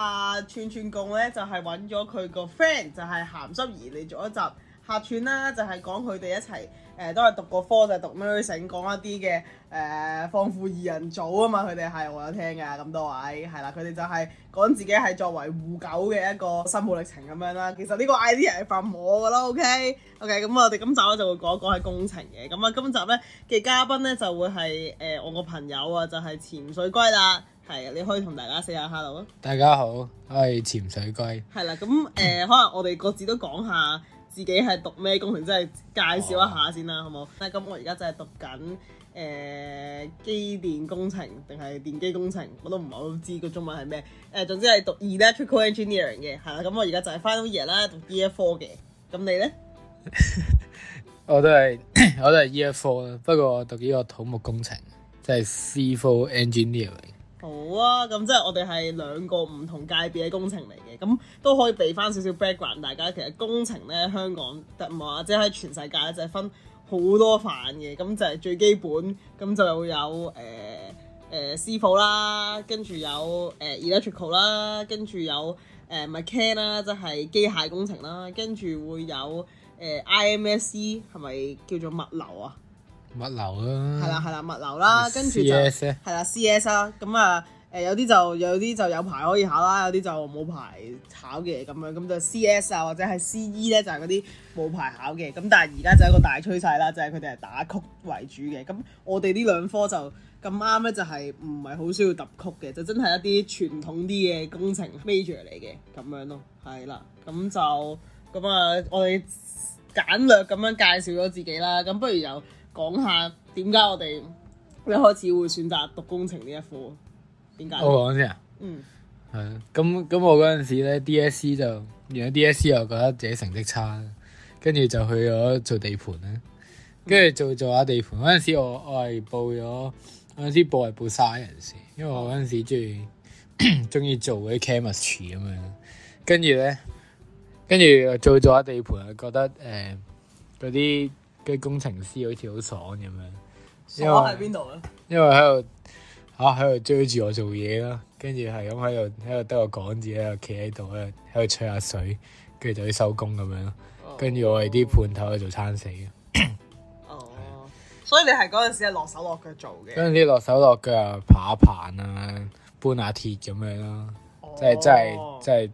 啊串串共咧就係揾咗佢個 friend 就係、是、咸濕兒嚟做一集客串啦，就係講佢哋一齊誒、呃、都係讀個科就是、讀咩成，講一啲嘅誒放富二人組啊嘛，佢哋係我有聽嘅咁多位係啦，佢哋就係講自己係作為護狗嘅一個心路歷程咁樣啦。其實呢個 idea 係份我嘅咯，OK OK 咁我哋今集咧就會講一講係工程嘅，咁啊今集咧嘅嘉賓咧就會係誒、呃、我個朋友啊就係、是、潛水龜啦。係啊，你可以同大家 say 下 hello 啊！大家好，我係潛水龜。係啦，咁誒、呃，可能我哋各自都講下自己係讀咩工程，即係介紹一下先啦，哦、好唔好？誒，咁我而家就係讀緊誒機電工程定係電機工程，我都唔係好知個中文係咩誒。總之係讀 electrical engineering 嘅係啦。咁我而家就係 final year 啦，讀 year four 嘅。咁你咧 ？我都係我都係 year four，不過我讀呢個土木工程，即係 civil engineering。好啊，咁即係我哋係兩個唔同界別嘅工程嚟嘅，咁都可以畀返少少 background。大家其實工程咧，香港唔係即係喺全世界咧就係分好多範嘅，咁就係最基本，咁就會有誒誒、呃呃、師傅啦，跟住有誒 electrical、呃、啦，跟住有誒 mechan 啦，即係機械工程啦，跟住會有誒、呃、IMSC 係咪叫做物流啊？物流啦，啊，係啦係啦，物流啦，係唔係跟住就係啦 C.S. 啦，啊，咁啊誒、呃、有啲就，就有啲就有牌可以考啦，有啲就冇牌考嘅咁樣，咁就 C.S. 啊或者係 C.E. 咧就係嗰啲冇牌考嘅，咁但係而家就係一個大趨勢啦，就係佢哋係打曲為主嘅。咁我哋呢兩科就咁啱咧，就係唔係好需要揼曲嘅，就真係一啲傳統啲嘅工程 major 嚟嘅咁樣咯，係啦，咁就咁啊，我哋簡略咁樣介紹咗自己啦，咁不如有？講下點解我哋一開始會選擇讀工程呢一科？點解？我講先啊。嗯。係啊。咁咁，我嗰陣時咧 DSE 就完咗 DSE 又覺得自己成績差，跟住就去咗做地盤啦。跟住做做下地盤嗰陣時我，我我係報咗，嗰陣時報係報 science，因為我嗰陣時中意中意做嗰啲 chemistry 咁樣。跟住咧，跟住做做下地盤，覺得誒嗰啲。呃跟工程師好似好爽咁樣，爽喺邊度咧？因為喺度嚇，喺度追住我做嘢啦，跟住係咁喺度喺度得個講字，喺度企喺度咧，喺度吹下水，跟住就啲收工咁樣咯。跟住我哋啲判頭就做餐死嘅。哦，所以你係嗰陣時落手落腳做嘅。嗰陣時落手落腳，扒爬下爬，啊，搬下鐵咁樣咯，即係即係即係。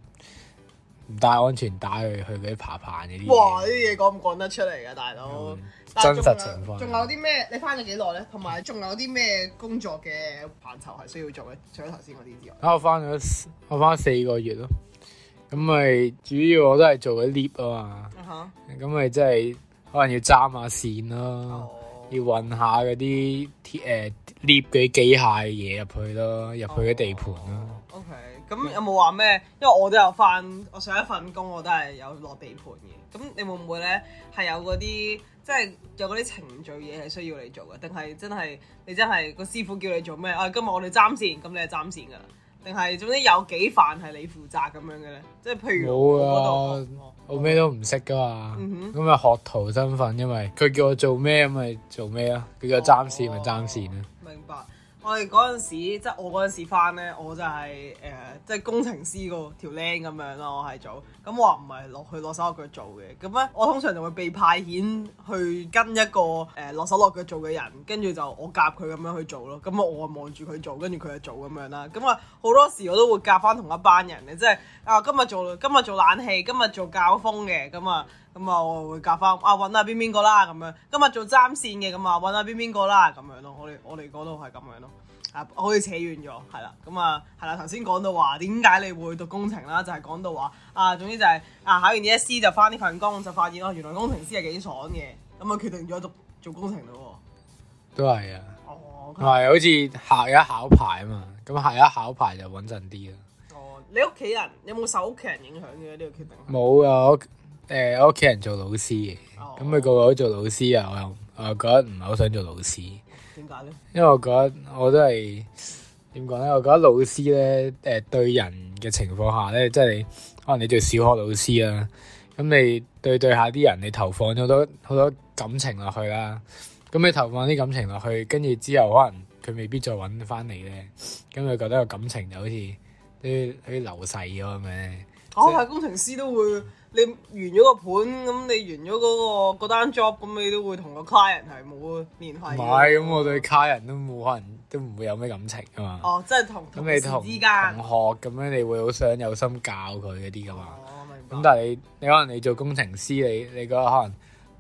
唔帶安全帶去去嗰爬棚嘅啲嘢，哇！啲嘢講唔講得出嚟㗎，大佬？嗯、真實情況。仲有啲咩？你翻咗幾耐咧？同埋仲有啲咩工作嘅範疇係需要做嘅？除咗頭先嗰啲之外。啊，我翻咗我翻四個月咯。咁咪主要我都係做啲 lift 啊嘛。嚇、uh！咁咪即係可能要揸下線咯，uh huh。要運下嗰啲鐵誒 lift 嘅機械嘢入去咯，入去啲地盤咯。Uh huh. 咁有冇話咩？因為我都有翻，我上一份工我都係有落地盤嘅。咁你會唔會咧係有嗰啲即係有嗰啲程序嘢係需要你做嘅？定係真係你真係個師傅叫你做咩？啊、哎，今日我哋斬線，咁你係斬線㗎啦。定係總之有幾範係你負責咁樣嘅咧？即係譬如冇啊，我咩都唔識㗎嘛。咁咪、嗯、哼學徒身份，因為佢叫我做咩咁咪做咩啊？佢叫我斬線咪斬線啦、哦。明白。我哋嗰陣時，即係我嗰陣時返呢，我就係、是、誒、呃，即係工程師個條僆咁樣咯。我係做咁、嗯，我話唔係落去落手落腳做嘅。咁、嗯、咧，我通常就會被派遣去跟一個誒落、呃、手落腳做嘅人，跟住就我夾佢咁樣去做咯。咁、嗯、啊，我望住佢做，跟住佢就做咁樣啦。咁、嗯、啊，好、嗯、多時我都會夾返同一班人嘅，即係啊，今日做今日做冷氣，今日做教風嘅咁啊。嗯嗯咁啊，我會夾翻啊，揾下邊邊個啦，咁樣今日做針線嘅咁啊，揾下邊邊個啦，咁樣咯。我哋我哋度係咁樣咯，啊，好似扯遠咗，係啦。咁啊，係啦，頭先講到話點解你會讀工程啦，就係講到話啊，總之就係啊，考完 DSE 就翻呢份工就發現哦，原來工程師係幾爽嘅，咁啊，決定咗讀做工程咯。都係啊，哦，係，oh, okay. 啊，好似下一考牌啊嘛，咁下一考牌就穩陣啲啊。哦，你屋企人，有冇受屋企人影響嘅呢個決定？冇啊，誒、呃，我屋企人做老師嘅，咁佢個個都做老師啊。我又我又覺得唔係好想做老師，點解咧？因為我覺得我都係點講咧，我覺得老師咧誒、呃、對人嘅情況下咧，即係你可能你做小學老師啦，咁你對對下啲人，你投放咗好多好多感情落去啦。咁你投放啲感情落去，跟住之後可能佢未必再揾翻你咧，咁佢覺得個感情就好似啲啲流逝咗咁樣。我係、oh, 即工程師都會。你完咗個盤咁，你完咗嗰個單 job 咁，你都會同個 client 係冇聯繫。唔係，咁我對 client 都冇可能，都唔會有咩感情噶嘛。哦，即係同同事同同學咁樣，你會好想有心教佢嗰啲噶嘛？哦，明白。咁但係你，你可能你做工程師，你你覺得可能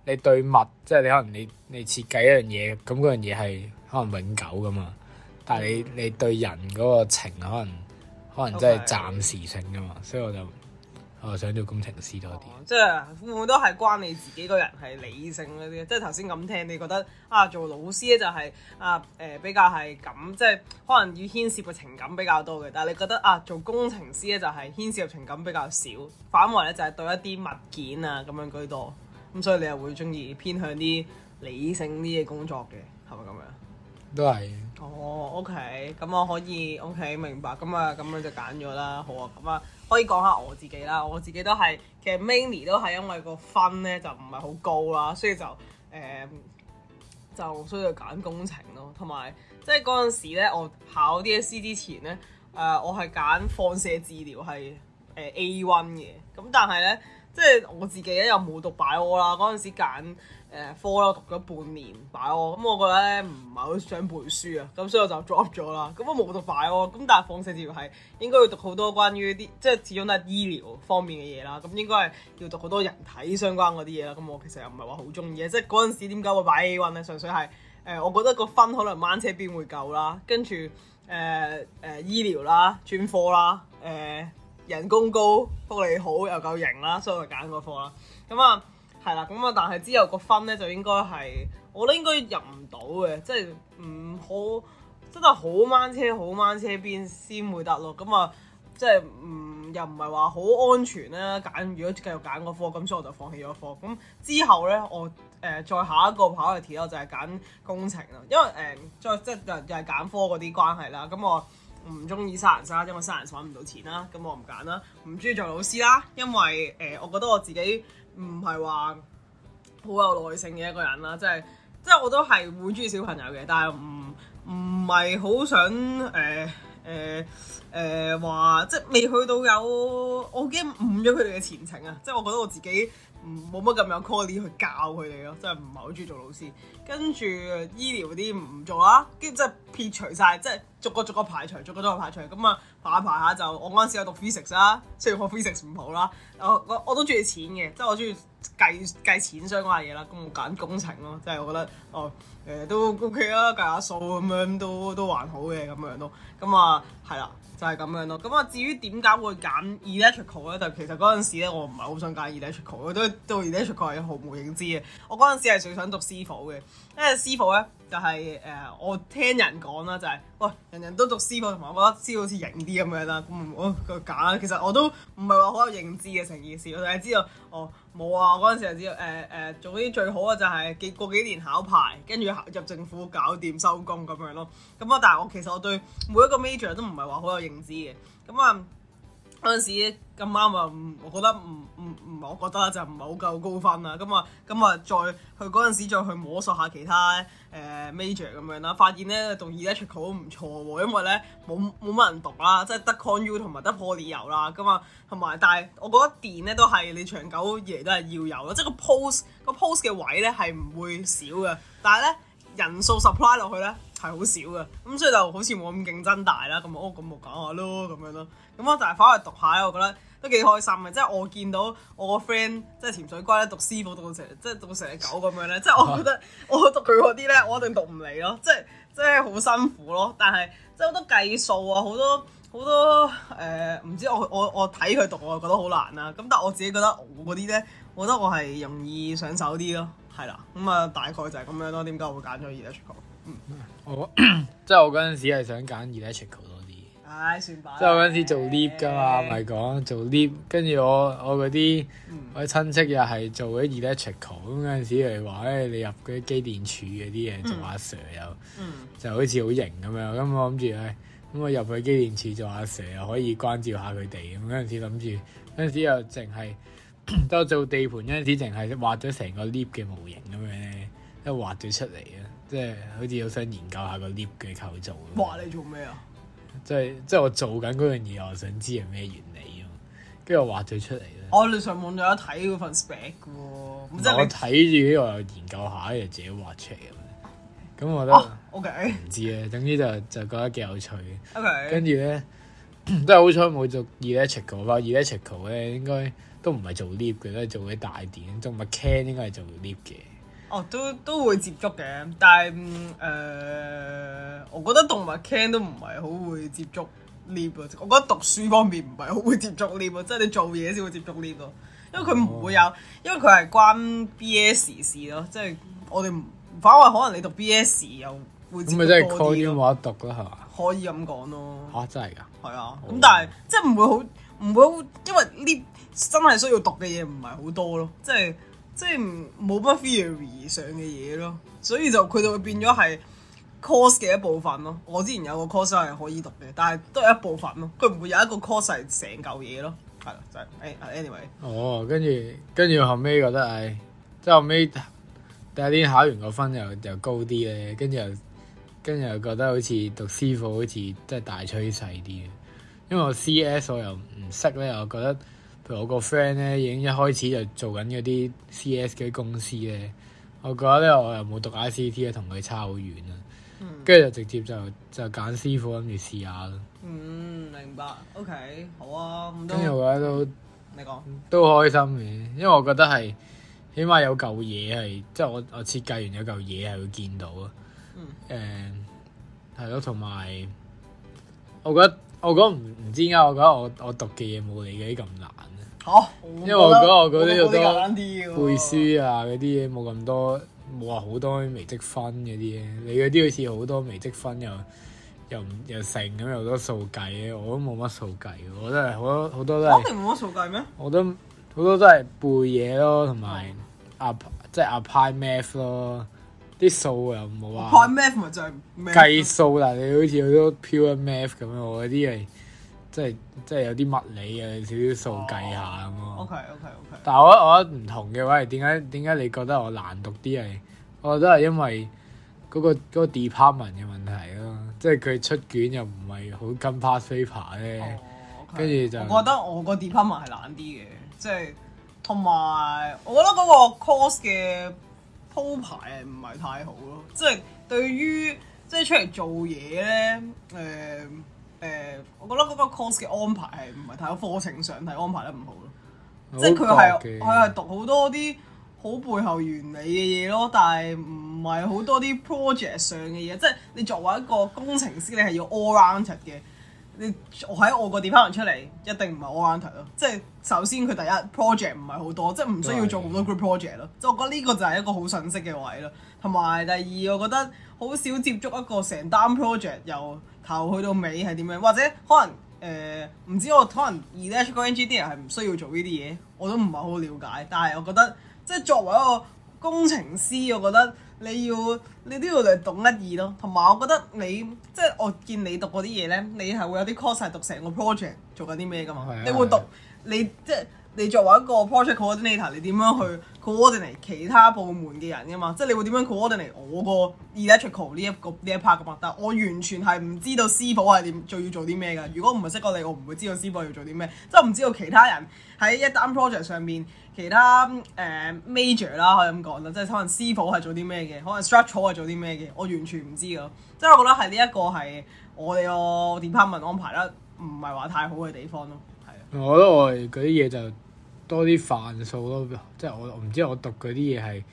你對物，即係你可能你你設計一樣嘢，咁嗰樣嘢係可能永久噶嘛？嗯，但係你你對人嗰個情，可能可能真係暫時性噶嘛，Okay. 所以我就。我、哦、想做工程師多啲、哦，即係，會唔會都係關你自己個人係理性嗰啲，即係頭先咁聽，你覺得啊做老師咧就係、是、啊誒、呃、比較係咁，即係可能要牽涉個情感比較多嘅，但係你覺得啊做工程師咧就係牽涉個情感比較少，反為咧就係對一啲物件啊咁樣居多，咁所以你又會中意偏向啲理性啲嘅工作嘅，係咪咁樣？都係。哦、oh，OK，咁我可以，OK，明白。咁啊，咁樣就揀咗啦。好啊，咁啊，可以講下我自己啦。我自己都係，其實 mainly 都係因為個分咧就唔係好高啦，所以就誒、呃、就需要揀工程咯。同埋即係嗰陣時咧、呃，我考 D S C 之前咧，誒，我係揀放射治療係誒 A one 嘅。咁但係咧，即、就、係、是、我自己咧又冇讀 Bio 啦。嗰陣時揀。誒科啦，讀咗半年 bio，咁我覺得咧唔係好想背書啊，咁所以我就 drop 咗啦。咁我冇讀 bio，咁但係放射治療係應該要讀好多關於啲，即係始終都係醫療方面嘅嘢啦。咁應該係要讀好多人體相關嗰啲嘢啦。咁我其實又唔係話好中意啊。即係嗰陣時點解會擺 A1 咧？純粹係誒、呃，我覺得個分可能晚車邊會夠啦。跟住誒誒醫療啦，專科啦，誒、呃、人工高，福利好，又夠型啦，所以我揀個科啦。咁、嗯、啊～係啦，咁啊，但係之後個分咧就應該係，我都得應該入唔到嘅，即係唔好，真係好掹車，好掹車邊先會得咯。咁啊，即係唔又唔係話好安全啦。揀如果繼續揀個科，咁所以我就放棄咗科。咁之後咧，我誒、呃、再下一個 priority 就係揀工程啦，因為誒、呃，再即係又又係揀科嗰啲關係啦。咁我唔中意沙人沙，因為沙人揾唔到錢啦，咁我唔揀啦。唔中意做老師啦，因為誒、呃，我覺得我自己。唔係話好有耐性嘅一個人啦，即係即係我都係會中意小朋友嘅，但係唔唔係好想誒誒誒話，即係未去到有我驚誤咗佢哋嘅前程啊！即係我覺得我自己。冇乜咁有 call 去教佢哋咯，真係唔係好中意做老師。跟住醫療嗰啲唔做啦，跟住即係撇除晒，即係逐個逐個排除，逐個都係排除。咁啊排下排下就，我嗰陣時有讀 physics 啦，雖然學 physics 唔好啦，我我，我都中意錢嘅，即係我中意計計錢相關嘅嘢啦。咁我揀工程咯，即係我覺得哦誒，呃，都 OK 啦，啊，計下數咁樣都都還好嘅咁樣咯。咁啊係啦。就係咁樣咯。咁啊，至於點解會揀 electrical 咧？就其實嗰陣時咧，我唔係好想揀 electrical，對 electrical 係毫無認知嘅。我嗰陣時係最想讀師傅嘅。因為師傅咧就係、是、誒、呃，我聽人講啦，就係、是、喂，人人都讀師傅，同埋我覺得師傅好似型啲咁樣啦。咁我佢啦。其實我都唔係話好有認知嘅成件事，我淨係知道哦冇啊。嗰陣時候就知道誒誒、呃呃，總之最好嘅就係幾過幾年考牌，跟住入政府搞掂收工咁樣咯。咁啊，但係我其實我對每一個 major 都唔係話好有認知嘅。咁啊。嗯。嗰陣時咁啱啊，唔，我覺得唔唔唔，我覺得就唔係好夠高分啦。咁啊，咁啊，再去嗰陣時再去摸索下其他誒、呃、major 咁樣啦，發現咧讀 electrical 都唔錯喎，因為咧冇冇乜人讀啦，即係得 con u 同埋得 poly 有啦。咁啊，同埋但係我覺得電咧都係你長久而嚟都係要有咯，即係個 post 個 post 嘅位咧係唔會少嘅，但係咧人數 supply 落去咧，係好少嘅，咁所以就好似冇咁競爭大啦。咁我咁我講下咯，咁樣咯，咁我就係翻去讀下我覺得都幾開心嘅。即係我見到我個 friend 即係潛水龜咧讀師傅讀到成，即係讀到成隻狗咁樣咧。即係我覺得我讀佢嗰啲咧，我一定讀唔嚟咯。即係即係好辛苦咯。但係即係好多計數啊，好多好多誒，唔知我我我睇佢讀，我又覺得好難啊。咁但係我自己覺得我嗰啲咧，我覺得我係容易上手啲咯。係啦，咁啊，大概就係咁樣咯。點解我會揀咗二 S 級？嗯。我即係我嗰陣時係想揀 electrical 多啲，唉、哎、算罷。即係我嗰陣時做 lift 噶嘛，咪講的做 lift，跟住我我嗰啲、嗯、我啲親戚又係做咗 electrical，咁嗰陣時佢哋話唉，你入嗰啲機電處嗰啲嘢，做阿 Sir、嗯、又、嗯、就好似好型咁樣，咁、嗯、我諗住唉，咁、哎嗯、我入去機電處做阿 Sir 又可以關照下佢哋，咁嗰陣時諗住，嗰陣時又淨係都做地盤，嗰陣時淨係畫咗成個 lift 嘅模型咁樣咧，一畫咗出嚟啊！即係好似好想研究下個 lift 嘅構造咯。哇，你做咩啊？即係即係我做緊嗰樣嘢，我想知係咩原理咯。跟住我畫咗出嚟咧。我、哦、你上網就有睇嗰份 spec 噶。是你我睇住呢我又研究一下，跟住自己畫出嚟咁。咁我覺得、oh, OK。唔知啊，總之就就覺得幾有趣。OK。跟住咧，都係好彩冇做 electrical，不過 electrical 咧應該都唔係做 lift 嘅，都係做啲大電，仲咪 can 應該係做 lift 嘅。哦，都都會接觸嘅，但係誒、嗯呃，我覺得動物 can 都唔係好會接觸 lib 啊。我覺得讀書方面唔係好會接觸 lib 啊，即係你做嘢先會接觸 lib 咯。因為佢唔會有，哦、因為佢係關 B S 事咯。即係我哋反為可能你讀 B S 又會咁咪真係 college 冇得讀啦，係嘛？可以咁講咯吓，真係㗎？係啊，咁、哦嗯、但係即係唔會好唔會好，因為 lib 真係需要讀嘅嘢唔係好多咯，即係。即係冇乜 theory 上嘅嘢咯，所以就佢就會變咗係 course 嘅一部分咯。我之前有個 course 係可以讀嘅，但係都係一部分咯。佢唔會有一個 course 係成嚿嘢咯。係啦，就係 anyway。哦，跟住跟住後尾覺得誒，即係後尾，第一年考完個分又又高啲咧，跟住又跟住又覺得好似讀師傅好似即係大趨勢啲嘅，因為我 CS 我又唔識咧，我覺得。譬如我個 friend 咧，已經一開始就做緊嗰啲 C.S. 嗰啲公司咧。我覺得咧，我又冇讀 I.C.T. 咧，同佢差好遠啦。跟住就直接就就揀師傅諗住試下咯。試試，嗯，明白。O.K. 好啊，跟住我覺得都你講說都開心嘅，因為我覺得係起碼有嚿嘢係即係我我設計完有嚿嘢係會見到啊。誒係咯，同埋、uh, 我，我，我覺得我覺得唔唔知點解我覺得我我讀嘅嘢冇你嗰啲咁難。好，oh, 因為我覺得我嗰啲又多背書啊嗰啲嘢冇咁多，冇話好多微積分嗰啲嘢。你嗰啲好似好多微積分又又唔又成咁，又多數計嘅，我都冇乜數計嘅。我真係好多好多都係冇乜數計咩？我都好多都係背嘢咯，同埋阿即係 apply math 咯，啲數又冇話。apply math 咪就係計數，但你好似好多 pure math 咁樣！我啲係。即係即係有啲物理嘅少少數計下咁咯。Oh, OK OK OK 但。但係我覺得我覺得唔同嘅話係點解點解你覺得我難讀啲係？我覺得係因為嗰、嗰個 department 嘅、嗰個、問題咯。即係佢出卷又唔係好跟 past paper 咧、oh, okay，跟住就我覺得我個 department 係難啲嘅，即係同埋我覺得嗰個 course 嘅鋪排唔係太好咯。即係對於即係出嚟做嘢咧，誒、呃。誒、呃，我覺得嗰個 course 嘅安排係唔係太好，課程上係安排得唔好咯。好即係佢係佢係讀好多啲好背後原理嘅嘢咯，但係唔係好多啲 project 上嘅嘢。即係你作為一個工程師你，你係要 oriented 嘅。你喺我個 department 出嚟，一定唔係 oriented 咯。即係首先佢第一 project 唔係好多，即係唔需要做好多 group project 咯。即係對我覺得呢個就係一個好信息嘅位咯。同埋第二，我覺得好少接觸一個成單 project 又。頭去到尾係點樣？或者可能誒，唔、呃、知我可能 Electrical Engineering 啲人係唔需要做呢啲嘢，我都唔係好了解。但係我覺得，即係作為一個工程師，我覺得你要你都要略懂一二咯。同埋我覺得你即係我見你讀嗰啲嘢呢，你係會有啲 course 係讀成個 project 做緊啲咩㗎嘛？是的 你會讀。你即係你作為一個 project coordinator，你點樣去 coordinate 其他部門嘅人噶嘛？即係你會點樣 coordinate 我 Elect、呢個 electrical 呢一局呢一 part 嘅物？但我完全係唔知道師傅係點做要做啲咩嘅。如果唔係識過你，我唔會知道師傅要做啲咩，即係唔知道其他人喺一單 project 上面，其他誒、呃、major 啦，可以咁講啦，即係可能師傅係做啲咩嘅，可能 structural 係做啲咩嘅，我完全唔知㗎。即係我覺得係呢一個係我哋個 department 安排得唔係話太好嘅地方咯。我覺得我嗰啲嘢就多啲範數咯，即係我唔知我讀嗰啲嘢係，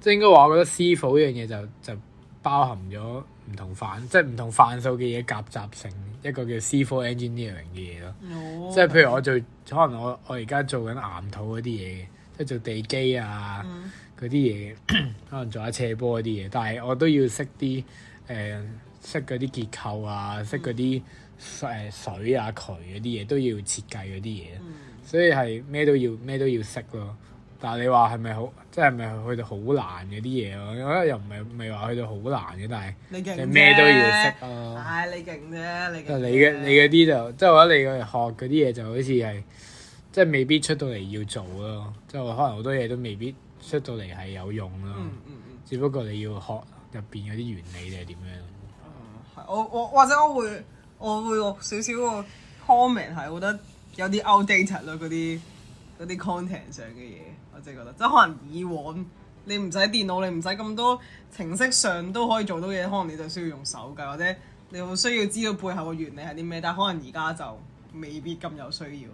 即係應該話我覺得 civil 呢樣嘢就就包含咗唔同範，即係唔同範數嘅嘢夾雜成一個叫 civil engineering 嘅嘢咯。Oh. 即係譬如我做，可能我我而家做緊岩土嗰啲嘢，即係做地基啊嗰啲嘢，可能做下斜坡嗰啲嘢，但係我都要識啲誒識嗰啲結構啊，識嗰啲。Mm. 誒水啊渠嗰啲嘢都要設計嗰啲嘢，嗯、所以係咩都要咩都要識咯。但係你話係咪好，即係咪去到好難嗰啲嘢咯？可能又唔係唔係話去到好難嘅，但係你咩都要識咯。係你勁啫，你。你嘅你嗰啲就即係我覺得你嘅學嗰啲嘢就好似係，即係未必出到嚟要做咯。即係可能好多嘢都未必出到嚟係有用咯。嗯嗯嗯、只不過你要學入邊嗰啲原理定係點樣？嗯、我我或者我，我，我，我會。我會落少少個 comment 係，我覺得有啲 outdated 咯，嗰啲嗰啲 content 上嘅嘢，我真係覺得，即係可能以往你唔使電腦，你唔使咁多程式上都可以做到嘢，可能你就需要用手計，或者你會需要知道背後嘅原理係啲咩，但係可能而家就未必咁有需要。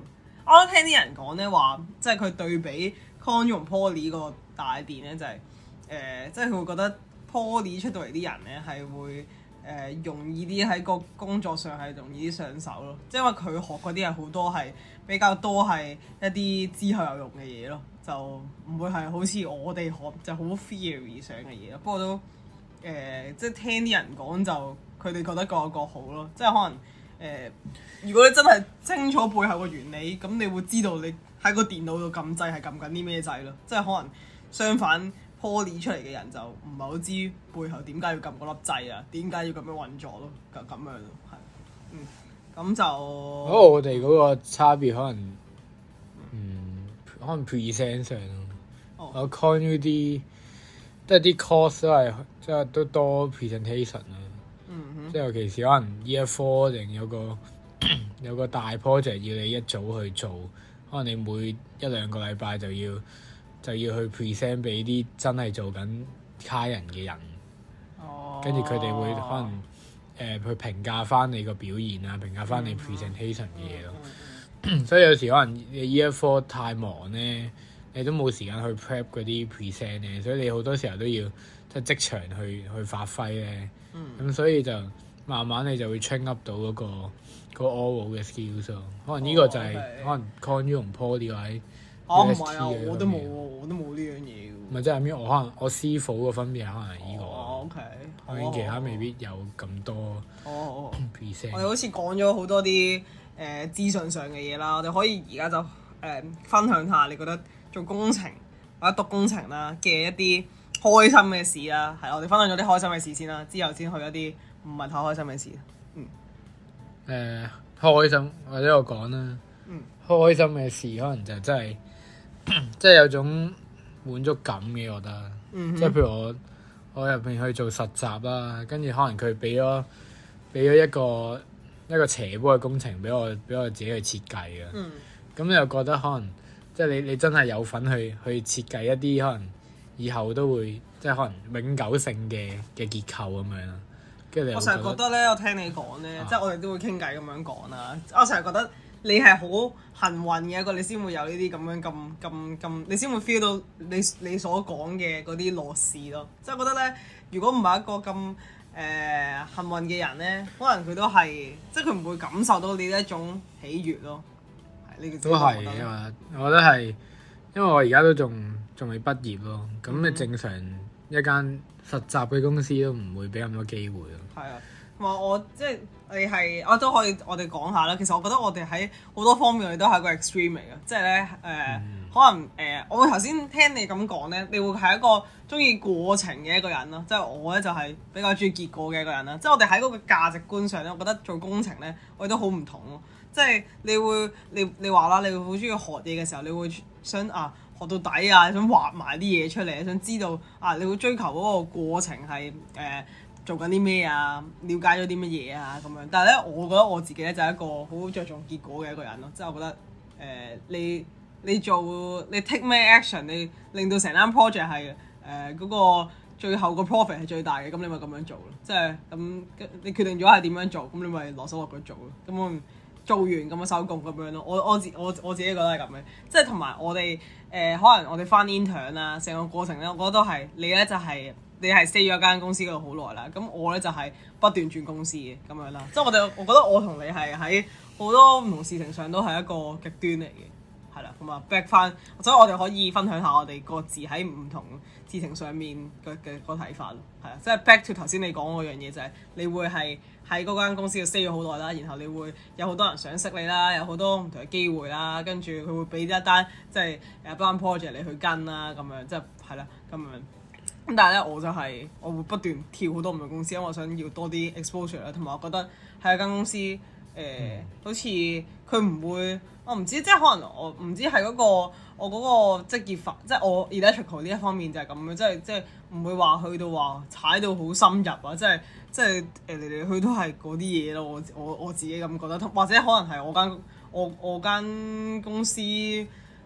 我都聽啲人講呢話，即係佢對比 con 同 poly 個大電呢，就係、是、誒、呃，即係佢會覺得 poly 出到嚟啲人呢，係會。誒、呃、容易啲喺個工作上係容易啲上手咯，即係因為佢學嗰啲係好多係比較多係一啲之後有用嘅嘢咯，就唔會係好似我哋學就好、是、theory 上嘅嘢咯。不過都誒、呃，即係聽啲人講就佢哋覺得各有各好咯，即係可能誒、呃，如果你真係清楚背後嘅原理，咁你會知道你喺個電腦度撳掣係撳緊啲咩掣咯。即係可能相反。poly 出嚟嘅人就唔係好知背後點解要撳嗰粒掣啊，點解要咁樣運作咯、啊？咁咁樣咯、啊，係嗯咁就、oh, 我哋嗰個差別可能，嗯可能 presentation 咯，我 conclude 啲即係啲 course 都係即係都多 presentation 啊，嗯哼、mm，hmm. 即係尤其是可能 Year Four 定有個 有個大 project 要你一早去做，可能你每一兩個禮拜就要。就要去 present 俾啲真係做緊卡人嘅人，跟住佢哋會可能誒、呃、去評價翻你個表現啊，評價翻你 presentation 嘅嘢咯。所以有時可能你 Year Four 太忙咧，你都冇時間去 prep 嗰啲 present 咧，所以你好多時候都要即係即場去去發揮咧。咁、mm hmm. 所以就慢慢你就會 train up 到嗰個嗰 overall 嘅 skills 咯。可能呢個就係、是 oh, okay. 可能 Conny 同 Paul 呢位。Oh, 我唔係啊！我都冇，我都冇呢樣嘢唔係即係入面，就是、我可能我師傅嘅分別可能依、呢個。哦、oh，OK。可能其他未必有咁多、多。哦、呃、哦。我哋好似講咗好多啲誒資訊上嘅嘢啦，我哋可以而家就誒、呃、分享下，你覺得做工程或者讀工程啦嘅一啲開心嘅事啦，係啦，我哋分享咗啲開心嘅事先啦，之後先去一啲唔係太開心嘅事。嗯。誒、呃，開心或者我講啦。嗯。開心嘅事可能就真、是、係～即係有種滿足感嘅，我覺得。即係譬如我我入邊去做實習啦，跟住可能佢俾咗俾咗一個一個斜坡嘅工程俾我俾我自己去設計嘅。咁你、嗯、又覺得可能即係你你真係有份去去設計一啲可能以後都會即係可能永久性嘅嘅結構咁樣。跟住你我成日覺得咧，我聽你講咧，啊、即係我哋都會傾偈咁樣講啦。我成日覺得。你係好幸運嘅一個，你先會有呢啲咁樣咁咁咁，你先會 feel 到你你所講嘅嗰啲樂事咯。即係覺得咧，如果唔係一個咁誒、呃、幸運嘅人咧，可能佢都係，即係佢唔會感受到你呢一種喜悅咯。係呢個都係，嗯、我覺得係，因為我而家都仲仲未畢業咯。咁你正常一間實習嘅公司都唔會俾咁多機會咯。係啊。我我即係你係我都可以，我哋講下啦。其實我覺得我哋喺好多方面，我哋都係一個 extreme 嚟嘅，即係咧誒，可能誒、呃，我頭先聽你咁講咧，你會係一個中意過程嘅一個人咯。即係我咧就係比較中意結果嘅一個人啦。即係我哋喺嗰個價值觀上咧，我覺得做工程咧，我哋都好唔同咯。即係你會你你話啦，你會好中意學嘢嘅時候，你會想啊學到底啊，想畫埋啲嘢出嚟，想知道啊，你會追求嗰個過程係誒。呃做緊啲咩啊？了解咗啲乜嘢啊？咁樣，但係咧，我覺得我自己咧就係一個好着重結果嘅一個人咯。即係我覺得，誒，你你做你 take 咩 action，你令到成間 project 係誒嗰個最後個 profit 係最大嘅，咁你咪咁樣做咯。即係咁，你決定咗係點樣做，咁你咪攞手落去做咯。咁做完咁樣收工咁樣咯。我我我我自己覺得係咁樣。即係同埋我哋誒，可能我哋翻 intern 啊，成個過程咧，我覺得都係你咧就係。你係 stay 咗間公司嗰度好耐啦，咁我咧就係、是、不斷轉公司嘅咁樣啦，即、就、係、是、我哋我覺得我你同你係喺好多唔同事情上都係一個極端嚟嘅，係啦，同埋 back 翻，所以我哋可以分享下我哋各自喺唔同事情上面嘅嘅個睇法，係啊，即係 back to 頭先你講嗰樣嘢就係、是、你會係喺嗰間公司要 stay 咗好耐啦，然後你會有好多人想識你啦，有好多唔同嘅機會啦，跟住佢會俾一單即係誒 brand project 你去跟啦，咁樣即係係啦，咁、就是、樣。咁但係咧，我就係、是、我會不斷跳好多唔同公司，因為我想要多啲 exposure 啦。同埋我覺得喺一間公司，誒、呃、好似佢唔會，我唔知，即係可能我唔知係嗰、那個我嗰個職業範，即係我 electrical 呢一方面就係咁樣，即係即係唔會話去到話踩到好深入啊，即係即係誒嚟嚟去都係嗰啲嘢咯。我我我自己咁覺得，或者可能係我間我我間公司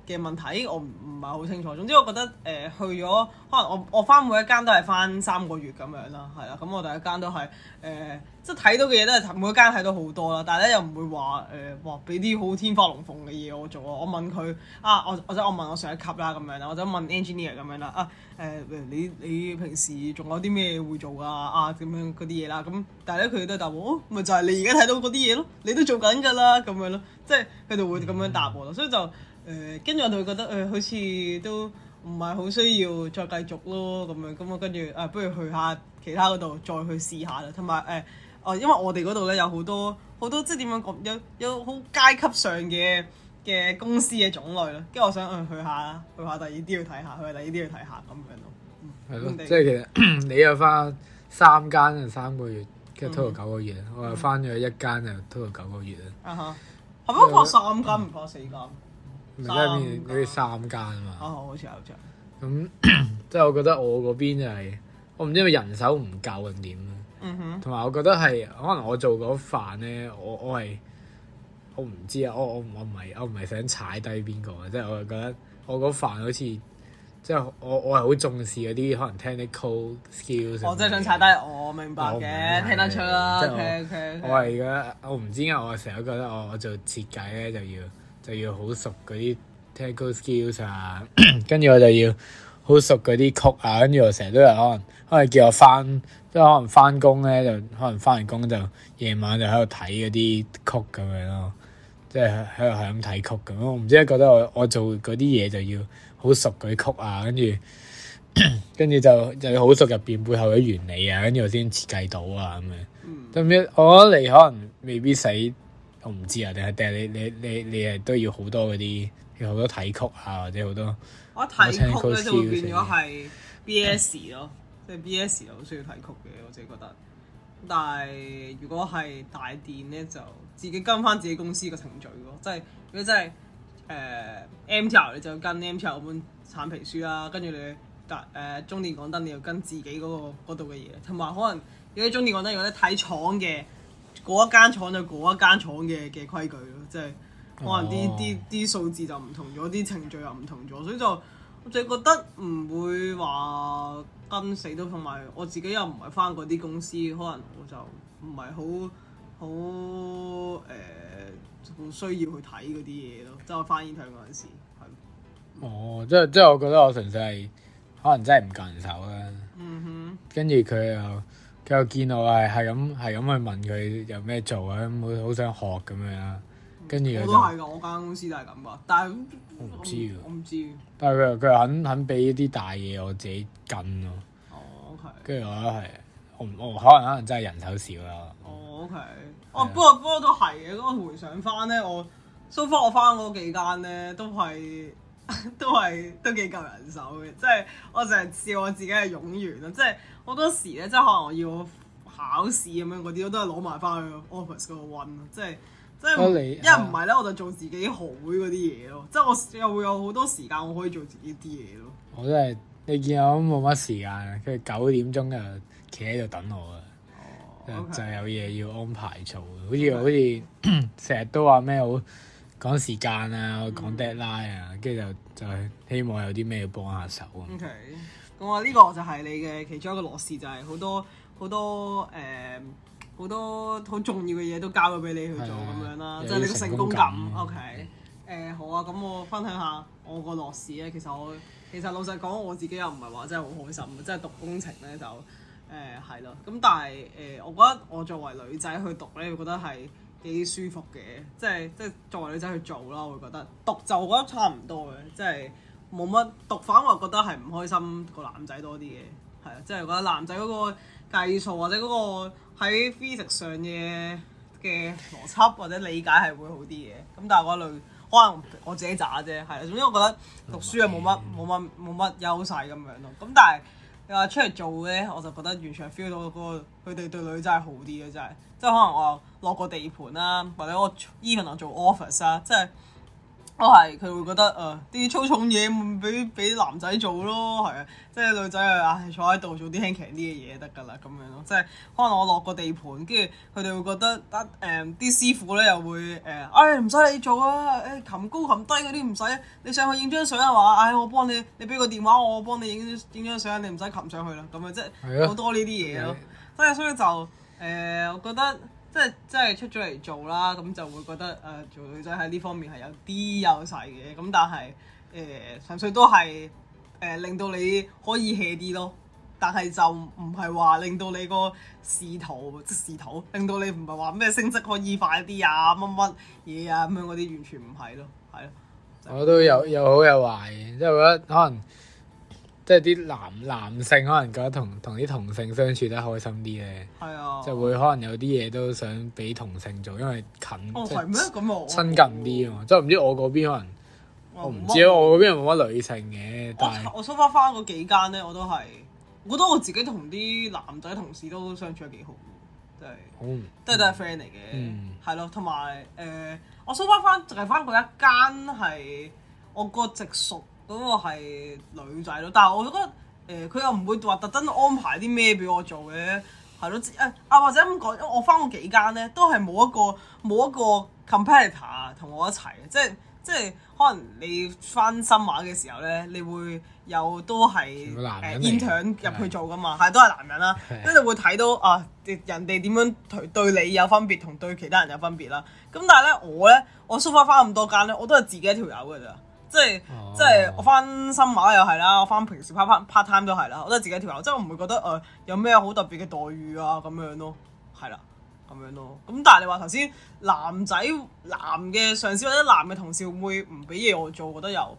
嘅問題，我唔唔係好清楚。總之我覺得誒、呃、去咗可能我我翻每一間都係翻三個月咁樣啦，係啦。咁我第一間都係誒、呃，即係睇到嘅嘢都係每一間睇到好多啦。但係咧又唔會話誒話俾啲好天花龍鳳嘅嘢我做我啊。我問佢啊，我或者我問我上一級啦咁樣啦，或者問 engineer 咁樣啦啊誒、呃，你你平時仲有啲咩會做㗎啊？啊咁樣嗰啲嘢啦。咁但係咧佢都答我，咪、哦、就係、是、你而家睇到嗰啲嘢咯，你都做緊㗎啦，咁樣咯，即係佢就會咁樣答我咯。嗯、所以就。誒，跟住我哋會覺得誒、呃，好似都唔係好需要再繼續咯，咁樣咁我跟住啊，不如去下其他嗰度，再去試下啦。同埋誒，哦、呃，因為我哋嗰度咧有好多好多，即係點樣講？有有好階級上嘅嘅公司嘅種類咯。跟住我想、呃、去下，去下第二啲要睇下，去下第二啲要睇下咁樣咯。係、嗯、咯，的嗯、即係其實 你又翻三間啊，三個月，跟住拖到九個月。嗯、我係翻咗一間啊，拖到九個月啊。嚇、嗯！係咪講三間唔講四間？唔知係邊嗰啲三間啊嘛，哦，好似好似係。咁即係我覺得我嗰邊就係，我唔知係咪人手唔夠定點咧。同埋，嗯哼，我覺得係，可能我做嗰飯咧，我我係，我唔知啊，我我我唔係，我唔係想踩低邊個啊，即係我覺得我嗰飯好似，即係我我係好重視嗰啲可能聽啲 technical skills。我真係想踩低我，是是我明白嘅，聽得出啦。okay, okay, okay. 我係覺得，我唔知啊，我成日都覺得我，我我做設計咧就要。就要好熟嗰啲 technical skills 啊，跟住 我就要好熟嗰啲曲啊，跟住我成日都有可能，可能叫我翻，即係可能翻工咧就，可能翻完工就夜晚就喺度睇嗰啲曲咁、啊、樣咯，即係喺度係睇曲咁、啊，樣，我唔知覺得我我做嗰啲嘢就要好熟嗰啲曲啊，跟住跟住就就要好熟入邊背後嘅原理啊，跟住我先設計到啊咁樣，咁一、嗯、我覺得你可能未必使。我唔知啊，定係定係你你你你係都要好多嗰啲，有好多體曲啊，或者好多。我睇、啊、曲就會變咗係 B.S. 咯，嗯、即係 B.S. 又好需要體曲嘅，我自己覺得。但係如果係大電咧，就自己跟翻自己公司個程序咯，即係如果真係誒、呃、M.T.R. 你就跟 M.T.R. 嗰本橙皮書啦、啊，跟住你誒、呃、中電廣燈你就跟自己嗰、嗰個嗰度嘅嘢，同埋可能如果你中電廣燈有啲睇廠嘅。嗰一間廠就嗰一間廠嘅嘅規矩咯，即係可能啲啲啲數字就唔同咗，啲程序又唔同咗，所以就我就覺得唔會話跟死都，同埋我自己又唔係翻過啲公司，可能我就唔係好好誒，好需要去睇嗰啲嘢咯。即係我翻譯睇嗰陣時，係。哦，即係即係我覺得我純粹係可能真係唔夠人手啦。嗯哼，跟住佢又。佢又見到係係咁係咁去問佢有咩做啊，冇好想學咁、嗯、樣，跟住我都係噶，我間公司都係咁噶，但係我唔知喎，我唔知。但係佢佢肯肯俾啲大嘢我自己跟咯。哦，OK。跟住我都係，我我可能可能真係人手少啦。哦，OK。了哦，不過不過都係嘅，嗰個回想翻咧，我 so far 我翻嗰幾間咧都係。 都係都幾夠人手嘅，即係我成日笑我自己係冗員咯，即係好多時咧，即係可能我要考試咁樣嗰啲，都係攞埋翻去 office 嗰度温，即係即係一唔係咧，我就做自己學會嗰啲嘢咯，即係我又會有好多時間我可以做自己啲嘢咯。我都、就、係、是、你見我冇乜時間，佢九點鐘就企喺度等我啊，oh, okay. 就就有嘢要安排做，好似 Okay. 好似成日都話咩好。講時間啊，講 deadline 啊，跟住、嗯、就就係希望有啲咩要幫下手，啊。O K，咁我呢個就係你嘅其中一個樂事，就係、是、好多好多誒，好、呃、多好重要嘅嘢都交咗俾你去做咁的樣啦，即係你嘅成功感。O K，誒好啊，咁我分享下我個樂事咧。其實我其實老實講，我自己又唔係話真係好開心，即、就、係、是、讀工程咧就誒係咯。咁、呃、但係誒、呃，我覺得我作為女仔去讀咧，我覺得係。幾舒服嘅，即係即係作為女仔去做啦，我會覺得讀就我覺得差唔多嘅，即係冇乜讀反我覺得係唔開心個男仔多啲嘅，係啊，即係覺得男仔嗰個計數或者嗰個喺 physics 上嘅嘅邏輯或者理解係會好啲嘅，咁但係嗰類可能我自己渣啫，係啊，總之我覺得讀書就冇乜冇乜冇乜優勢咁樣咯，咁但係你話出嚟做咧我就覺得完全 feel 到嗰個佢哋對女仔係好啲嘅真係。啊啊、即係、呃哎、可能我落個地盤啦，或者我 even 能做 office 啦，即係都係佢會覺得誒啲粗重嘢唔俾俾男仔做咯，係、嗯、啊，即係女仔誒坐喺度做啲輕騎啲嘅嘢得㗎啦，咁樣咯，即係可能我落個地盤，跟住佢哋會覺得誒啲師傅咧又會誒，唉唔使你做啊，誒、哎、擒高擒低嗰啲唔使，你上去影張相啊話，唉、哎、我幫你，你俾個電話我，我幫你影張影張相，你唔使擒上去啦，咁啊即係好的多呢啲嘢咯，即係的所以就。誒、呃，我覺得即係即係出咗嚟做啦，咁就會覺得誒、呃、做女仔喺呢方面係有啲優勢嘅，咁但係誒純粹都係誒、呃、令到你可以 hea 啲咯，但係就唔係話令到你個仕途即仕途，令到你唔係話咩升職可以快啲啊乜乜嘢啊咁樣嗰啲完全唔係咯，係咯。就是、我都有有好有壞，即係覺得可能。即係啲男男性可能覺得同同啲同性相處得開心啲咧，就會可能有啲嘢都想俾同性做，因為近親近啲啊嘛，即係唔知我嗰邊可能我唔知啊，我嗰邊冇乜女性嘅。但我我 so far 返嗰幾間咧，我都係，我覺得我自己同啲男仔同事都相處得幾好，即係都係都係 friend 嚟嘅。係咯，同埋誒我 so far 返就係翻嗰一間係我個直屬。嗰個係女仔咯，但係我覺得誒佢、呃、又唔會話特登安排啲咩俾我做嘅，係咯誒啊，或者咁講，因為我翻過幾間咧，都係冇一個冇一個 competitor 同我一齊嘅，即係即係可能你翻新馬嘅時候咧，你會又都係誒 engineer 入去做噶嘛，係的都係男人啦，跟住的會睇到啊人哋點樣對你有分別同對其他人有分別啦。咁但係咧我咧我 super 翻咁多間咧，我都係自己一條友嘅咋。即係即係，我翻新馬又係啦，我翻平時 part part time 都係啦，我都係自己一條友，即係我唔會覺得誒、呃、有咩好特別嘅待遇啊咁樣咯，係啦咁樣咯。咁但係你話頭先男仔男嘅上司或者男嘅同事會唔會唔俾嘢我做？我覺得又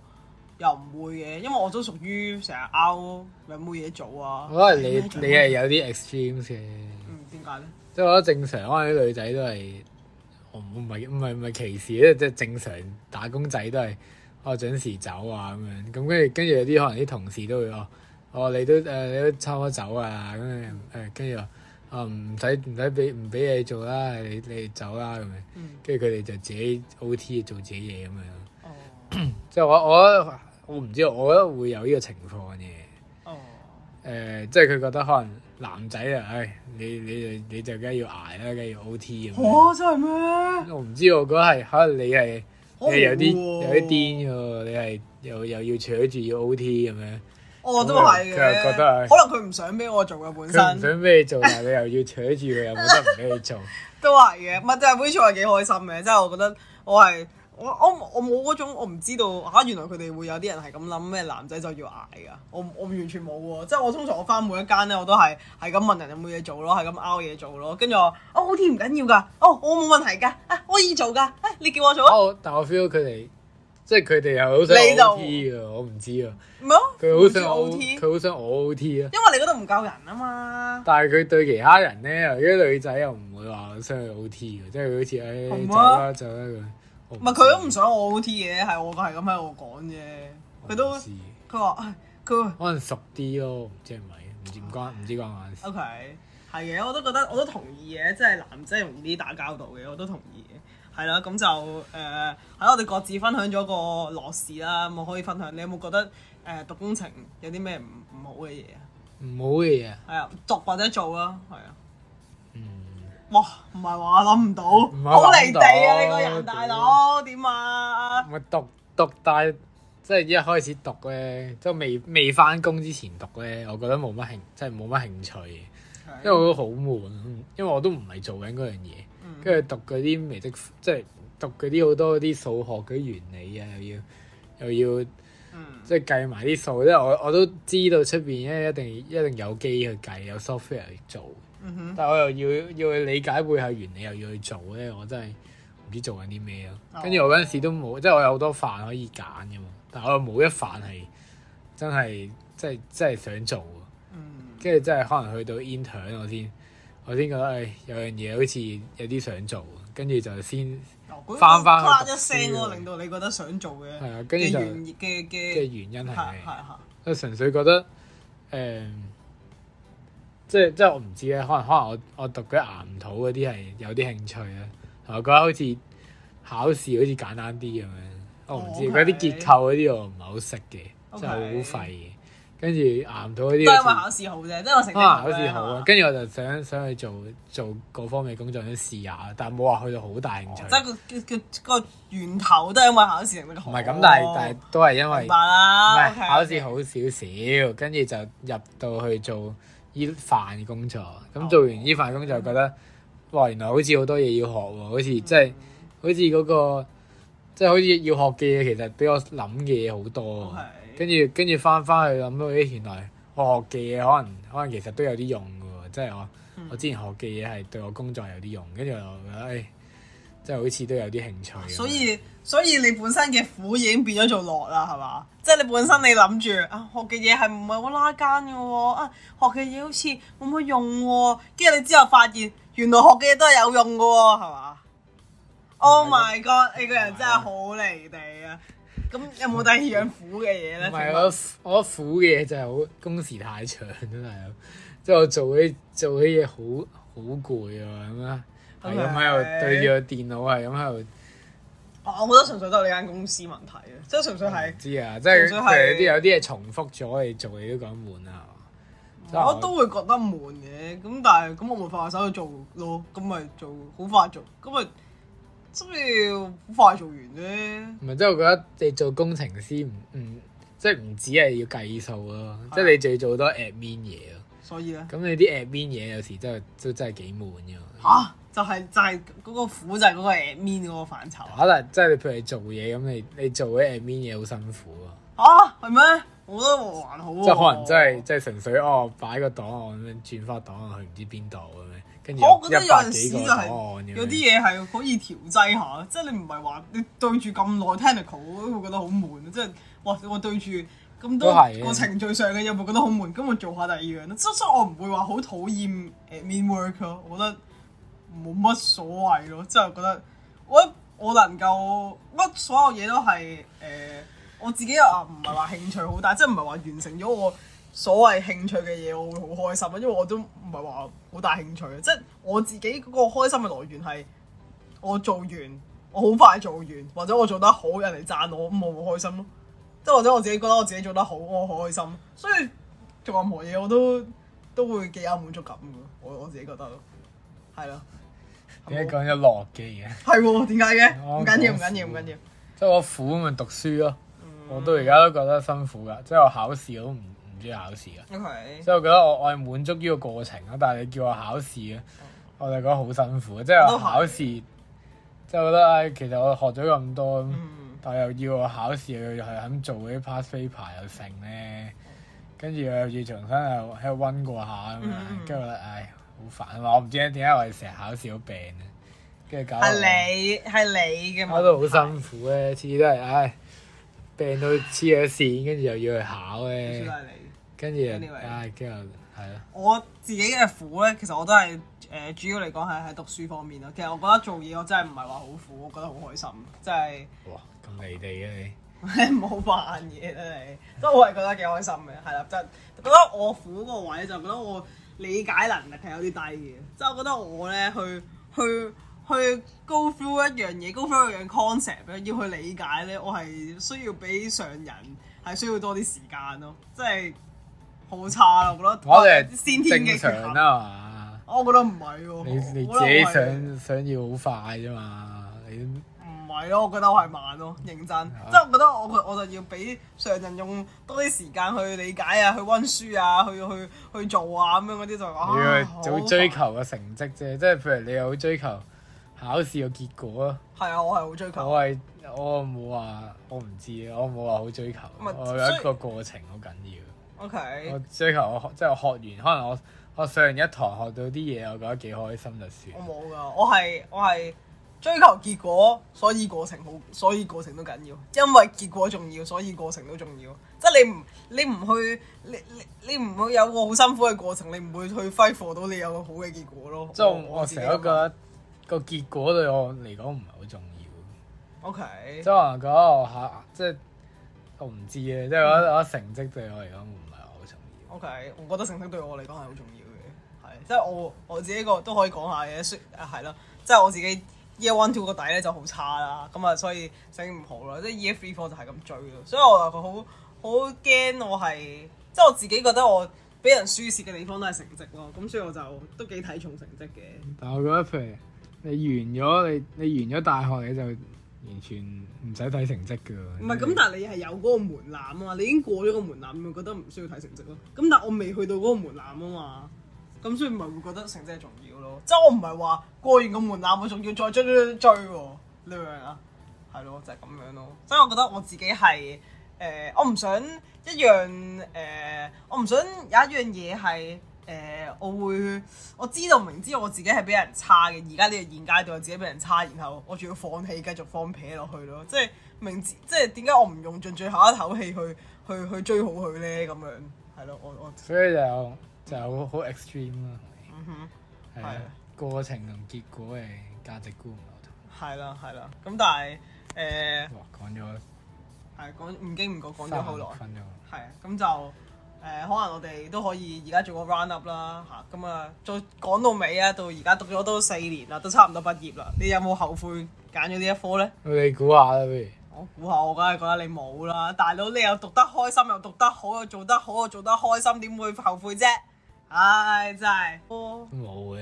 又唔會嘅，因為我都屬於成日拗有冇嘢做啊。可能你你係有啲 extreme 先，嗯，點解咧？即係我覺得正常，我啲女仔都係我唔唔唔係唔係歧視，即係正常打工仔都係。我準時走啊咁樣，咁跟住跟住有啲可能啲同事都會哦，哦你都誒你都差唔多走啊，咁誒誒跟住話，哦唔使唔使俾唔俾你做啦，你你走啦咁樣，跟住佢哋就自己 OT 做自己嘢咁樣。即係我我我唔知，我覺得會有呢個情況嘅。誒，即係佢覺得可能男仔啊，唉，你你你就梗係要捱啦，梗係要 OT 咁。真係咩？我唔知我覺得係可能你係。你係有啲 有啲癲喎，你係又又要扯住要 O T 咁樣，我都係嘅。佢又覺得係，可能佢唔想俾我做嘅本身，唔想俾你做，但係你又要扯住佢， 又冇得唔俾你做。都係嘅，唔係，但係會做係幾開心嘅，即係我覺得我係。我我冇嗰種，我唔知道嚇。原來佢哋會有啲人係咁諗，咩男仔就要捱噶。我我完全冇喎，即係我通常我返每一間咧，我都係係咁問人有冇嘢做咯，係咁拗嘢做咯。跟住我，我 O T 唔緊要噶，哦，我冇問題噶，我可以做噶，你叫我做、啊哦。但我 feel 佢哋即係佢哋又好想 O T 啊。我唔知啊，佢好想 O T，佢好想我 O T 啊。因為你嗰度唔夠人啊嘛。但係佢對其他人咧，嗰啲女仔又唔會話想去 O T 嘅，即係好似誒走啦走啦咁。唔係佢都唔想我 O T 嘅，係我個係咁喺度講啫。佢 I see. 都佢話佢可能熟啲咯，即知係咪？唔唔關唔知 Yeah. 關咩事。O K 係嘅，我都覺得我都同意嘅，即係男仔容易啲打交道嘅，我都同意嘅。係啦 Yeah.，咁就誒喺、呃、我哋各自分享咗個樂事啦，咁我可以分享。你有冇覺得誒、呃、讀工程有啲咩唔唔好嘅嘢啊？唔好嘅嘢係啊，讀或者做啦，係啊。哇，唔係話諗唔到，好離地啊！呢個人大佬點的啊？唔係讀讀大，即係一開始讀咧，即係未未翻工之前讀咧，我覺得冇乜興，即係冇乜興趣，的因為我都好悶，因為我都唔係做緊嗰樣嘢，跟住、嗯、讀嗰啲微積，即係讀嗰啲好多啲數學嗰啲原理啊，又要又要，嗯、即係計埋啲數，因為我我都知道出邊，因為一定一定有機去計，有 software 去做。嗯、但係我又要要去理解背後原理，又要去做咧，我真係唔知做緊啲咩咯。跟住、哦、我嗰陣時都冇，哦、即係我有好多飯可以揀嘅，但係我又冇一飯係真係即係真係想做。嗯，跟住真係可能去到 inter 我先我先覺得誒、哎、有樣嘢好似有啲想做，跟住就先翻翻。哦、一聲喎、啊，令到你覺得想做嘅。係啊，跟住就嘅嘅嘅原因係咩？即係純粹覺得誒。嗯即係即係，我唔知咧。可能可能我我讀嘅岩土嗰啲係有啲興趣咧，同埋覺得好似考試好似簡單啲咁樣。Oh, okay. 我唔知嗰啲結構嗰啲我唔係好識嘅，Okay. 真係好廢嘅。跟住岩土嗰啲都係因為考試好啫，即係我成日。啊，考試好似好啊！跟住吧我就想想去做做各方面工作，想試下，但係冇話去到好大興趣。Oh, 即係個個個源頭都係因為考試。唔係咁，但係但係都係因為 okay, okay, okay. 考試好少少，跟住就入到去做。呢份工作，咁做完呢份工作，oh. 覺得，哇！原來好似好多嘢要學喎，好似即係，mm. 好似嗰、那個，即、就、係、是、好似要學嘅嘢，其實比我諗嘅嘢好多。跟住跟住翻翻去諗到原來我學嘅嘢，可能可能其實都有啲用㗎喎，即、就、係、是、我、mm. 我之前學嘅嘢係對我工作有啲用，跟住我覺得誒。哎即係好似都有啲興趣，所以所以你本身嘅苦已經變咗做樂啦，係嘛？即係你本身你諗住啊，學嘅嘢係唔係好拉筋嘅喎？啊，學嘅嘢、哦啊、好似冇乜用喎、哦，跟住你之後發現原來學嘅嘢都係有用嘅喎、哦，係嘛？Oh 對 my god！你個人真係好離地啊！咁對有冇第二樣苦嘅嘢咧？唔係，我我苦嘅嘢就係好工時太長，真 係， 即係我做起做起嘢好好攰啊，係嘛？樣的係咁喺度對住個電腦，係咁喺度。我覺得純粹都係呢間公司問題嘅，即係、嗯、純粹係。知啊，即係純粹係有啲有啲嘢重複咗你做，嘢都覺得悶啦。我都會覺得悶嘅，咁但係咁我咪放下手去做咯，咁咪做好快做，咁咪即係要好快做完啫。唔係，即、就、係、是、我覺得你做工程師唔唔、嗯，即係唔止係要計數咯，對即係你仲要做多 admin 嘢。所以咧，咁你啲 admin 嘢有時真係都真係幾悶㗎。嚇，就係、啊、就係嗰個苦就係嗰個 admin 嗰個範疇。可能即係譬如你做嘢咁，你你做啲 admin 嘢好辛苦啊。嚇，係咩？我覺得還好啊。即係可能真係即係純粹哦，擺個檔案，咁樣轉翻檔案去唔知邊度咁樣，跟住我覺得有陣時，有啲嘢係可以調劑下，即係你唔係話你對住咁耐 technical 會覺得好悶，即係哇！我對住。咁多個程序上嘅，有冇覺得好悶？咁我做下第二樣，所所以，我唔會話好討厭 admin work 咯。我覺得冇乜所謂咯，即係覺得我覺得我能夠乜所有嘢都係誒、呃，我自己啊唔係話興趣好大，即係唔係話完成咗我所謂興趣嘅嘢，我會好開心。因為我都唔係話好大興趣，即係我自己嗰個開心嘅來源係我做完，我好快做完，或者我做得好，人嚟讚我，咁我會開心咯。即或者我自己覺得我自己做得好，我好開心，所以做任何嘢我都都會幾有滿足感嘅。我我自己覺得，係啦。點解講咗諾基嘅？係喎，點解嘅？唔緊要，唔緊要，唔緊要。即係我苦咁樣、就是、讀書咯，嗯、我都而家都覺得辛苦㗎。即、就、係、是、我考試我都唔唔中意考試㗎。即為 okay, 我覺得我我係滿足呢個過程咯。但係你叫我考試咧，哦、我就覺得好辛苦。即、就、係、是、我考試，即係我覺得唉，其實我學咗咁多。嗯嗯我又要我考試，又係咁做嗰啲 pass paper，又勝咧，跟住又要重新又喺度溫過下咁樣，跟住咧，唉好煩啊！我唔知點解我哋成日考試好病啊，跟住搞係你係你嘅嘛？我都好辛苦咧、啊，次次都係唉病到黐咗線，跟住又要去考咧、啊。跟住唉，跟住係咯。我自己嘅苦咧，其實我都係誒、呃、主要嚟講係喺讀書方面咯。其實我覺得做嘢我真係唔係話好苦，我覺得好開心，真係。哇咁你哋啊 你，唔好扮嘢啦你，即係我係覺得幾開心嘅，係啦，即係覺得我苦個位就覺得我理解能力係有啲低嘅，即係我覺得我咧去去去 go through 一樣嘢，go through 一樣 concept 要去理解咧，我係需要俾上人係需要多啲時間咯、哦，即係好差咯，我覺得。 我哋先天正常啦嘛，我覺得唔係喎，你你自己想想要好快啫嘛，你。係咯，我覺得我係慢咯，認真。即係 Yeah. 我覺得我我就要俾上人用多啲時間去理解啊，去溫書啊，去去去做啊咁樣嗰啲就。要好追求個成績啫， 即係譬如你又好追求考試個結果啊，係啊，我係好追求我。我係我冇話，我唔知啊，我冇話好追求。是我有一個過程好緊要。O K。Okay. 我追求我即係學完，可能我我上一堂學到啲嘢，我覺得幾開心就算我。我冇噶，我係我係。追求結果，所以過程好，所以過程都緊要，因為結果重要，所以過程都重要。即係你唔你唔去，你你你唔會有個好辛苦嘅過程，你唔會去揮霍到你有個好嘅結果咯。即係是我成日都覺得個、嗯、結果對我嚟講唔係好重要。O K。周係我覺即係我唔知咧，即係我、嗯、我覺得成績對我嚟講唔係好重要。O、okay. K，我覺得成績對我嚟講係好重要嘅，係即係我我自己個都可以講下嘅，説係啦，即係、就是、我自己。Year one two 個底咧就好差啦，咁啊所以成績唔好咯，即係 Year three four 就係咁追咯，所以我話佢好好驚我係，即係我自己覺得我俾人輸蝕嘅地方都係成績咯，咁所以我就都幾睇重成績嘅。但係我覺得譬如你完咗你你完咗大學你就完全唔使睇成績㗎，唔係咁，不為但係你係有嗰個門檻啊嘛，你已經過咗個門檻，咁咪覺得唔需要睇成績咯。咁但係我未去到嗰個門檻啊嘛。咁所以唔係會覺得成績係重要咯，即係我唔係話過完個門檻我仲要再追追追追喔，呢樣啊？係咯，就係咁樣咯。所以我覺得我自己係誒，我唔想一樣誒，我唔想有一樣嘢係誒，我會我知道明知我自己係比人差嘅，而家呢個現階段我自己比人差，然後我仲要放棄繼續放撇落去咯，即係明知即係點解我唔用盡最後一口氣去去去追好佢咧？咁樣係咯，我我所以就。就好 extreme 啦，嗯哼，係啊，過程同結果嘅價值觀唔同。係啦係啦，咁但係誒，講咗係講唔經唔覺講咗好耐，分咗。係啊，咁就誒，可能我哋都可以而家做個 roundup 啦，啊，吓，嗯，咁啊，再講到尾啊，到而家讀咗都四年啦，都差唔多畢業啦，你有冇後悔揀咗呢一科咧？你估下啦，不如我估下，我梗係覺得你冇啦，大佬你又讀得開心，又讀得好，又做得好，又做，做得開心，點會後悔啫？唉，真係冇嘅，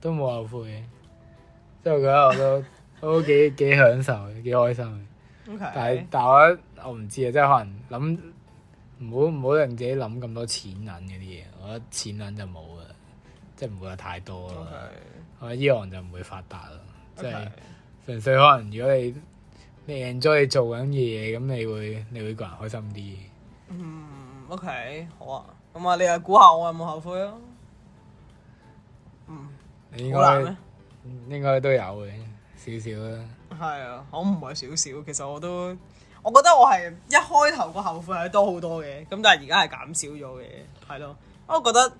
都冇後悔嘅。即係 我覺得我都都幾幾享受嘅，幾開心 Okay. 但，但係但係我我唔知啊，即係可能諗唔好唔好令自己諗咁多錢銀嗰啲嘢。我覺得錢銀就冇啦，即係唔會話太多咯。係，Okay. 我依行就唔會發達啦。Okay. 即係純粹可能如果你你 enjoy 做緊嘢，咁你會你會，你會個人開心啲。嗯，OK，好啊。咁啊，你又估下，我有冇後悔啊？嗯，你應該好難咩，應該都有嘅少少啦。係啊，我唔係少少，其實我都，我覺得我係一開頭個後悔係多好多嘅，咁但係而家係減少咗嘅，係咯。我覺得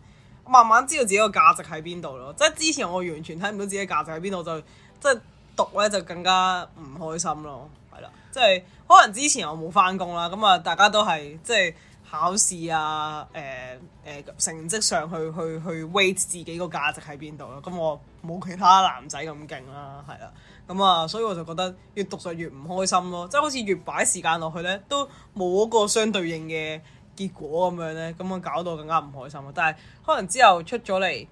慢慢知道自己個價值喺邊度咯，即係之前我完全睇唔到自己價值喺邊度，就即係讀咧就更加唔開心咯，係啦，即係可能之前我冇翻工啦，咁啊大家都係即係。考試啊，誒、呃、誒、呃、成績上去去去 weigh 自己個價值喺邊度咯，咁我冇其他男仔咁勁啦，係啦，咁、嗯、啊，所以我就覺得越讀就越唔開心咯，即、就、係、是、好似越擺時間落去咧，都冇嗰個相對應嘅結果咁樣咧，咁我搞到我更加唔開心。但係可能之後出咗嚟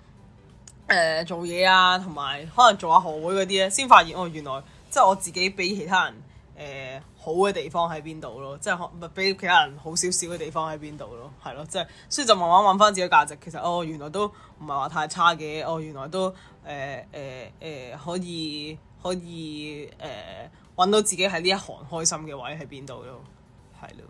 誒做嘢啊，同埋可能做下、啊、學會嗰啲咧，先發現哦，原來即係、就是、我自己比其他人誒。呃好嘅地方喺邊度咯，即係可唔俾其他人好少少嘅地方喺邊度咯？係咯，即係所以就慢慢揾翻自己價值。其實哦，原來都唔係話太差嘅。哦，原來都誒誒誒可以可以誒揾到自己喺呢一行開心嘅位喺邊度咯？係咯，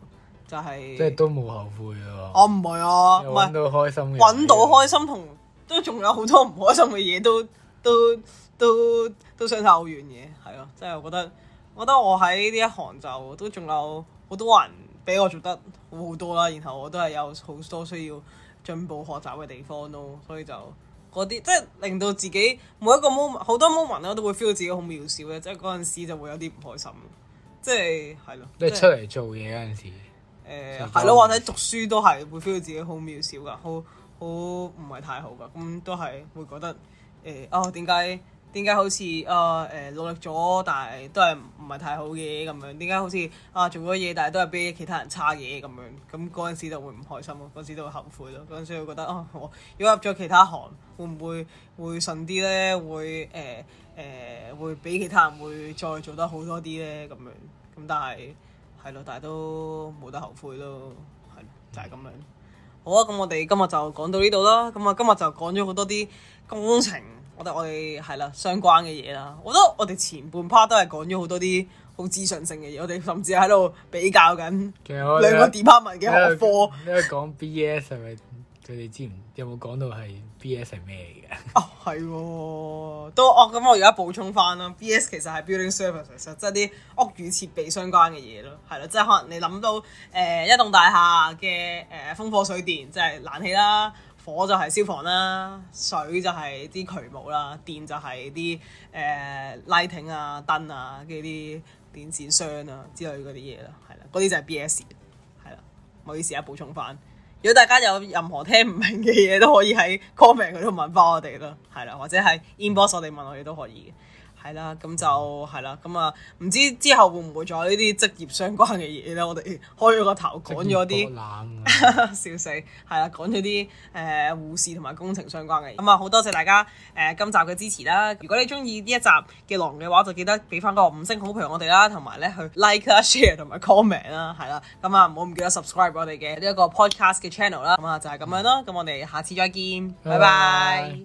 就係即係都冇後悔啊！我唔係啊，揾到開心嘅揾到開心同都仲有好多唔開心嘅嘢，都都都都相差好遠嘅，係咯，即係我覺得。我覺得我喺呢一行就都仲有好多人比我做得好好多啦，然後我都係有好多需要進步學習嘅地方咯，所以就嗰啲即係令到自己每一個 moment 好多 moment 咧都會 feel 到自己好渺小嘅，即係嗰陣時就會有啲唔開心，即係係咯。即係、你出嚟做嘢嗰陣時，誒係咯，或者讀書都係會 feel 到自己好渺小噶，好好唔係太好噶，咁都係會覺得誒哦點解？欸哦點解好似啊誒、呃、努力咗，但係都係唔係太好嘅咁樣？點解好似啊做咗嘢，但係都係比其他人差嘢？咁樣？咁嗰陣時就會唔開心咯，嗰陣時都會後悔咯，嗰陣時會覺得啊我如果入咗其他行，會唔會會順啲咧？會誒誒、呃呃、會比其他人會再做得好多啲咧咁樣？咁但係係咯，但係都冇得後悔咯，係就係、係、咁樣。好啊，咁我哋今日就講到呢度啦。咁啊，今日就講咗好多啲工程。我哋我哋係啦，相關嘅嘢啦。我覺得我哋前半 part 都係講咗好多啲好資訊性嘅嘢，我哋甚至喺度比較緊兩個 department 嘅學科。你、啊、 講 B S 係咪佢哋之前有冇講到係 B S 係咩嚟嘅？哦，係，都哦咁我而家補充返啦。B S 其實係 building services，即係啲屋宇設備相關嘅嘢咯，係咯，即係可能你諗到誒、呃、一棟大廈嘅誒、呃、風火水電，即係冷氣啦。火就係消防啦，水就係啲渠務啦，電就係啲誒 lighting 啊、燈啊，跟住啲電線箱啊之類嗰啲嘢啦，係啦，嗰啲就係 B.S. 係啦，唔好意思啊，補充翻。如果大家有任何聽唔明嘅嘢，都可以喺 comment 佢度問翻我哋啦，係啦，或者係 inbox 我哋問我哋都可以嘅。係啦，咁就係啦，咁啊，唔、嗯、知之後會唔會再有呢啲職業相關嘅嘢咧？我哋開咗個頭，講咗啲冷，， 笑死，係啦，講咗啲誒護士同埋工程相關嘅。咁、嗯、啊，好、嗯、多謝大家誒、呃、今集嘅支持啦！如果你中意呢一集嘅狼嘅話，就記得俾翻個五星好評我哋啦，同埋咧去 like、啊、share 同埋 comment 啦，係、嗯嗯、啦，咁啊唔好唔記得 subscribe 我哋嘅呢一個 podcast 嘅 channel 啦，咁啊就係、是、咁樣啦，咁、嗯、我哋下次再見，拜拜。拜拜。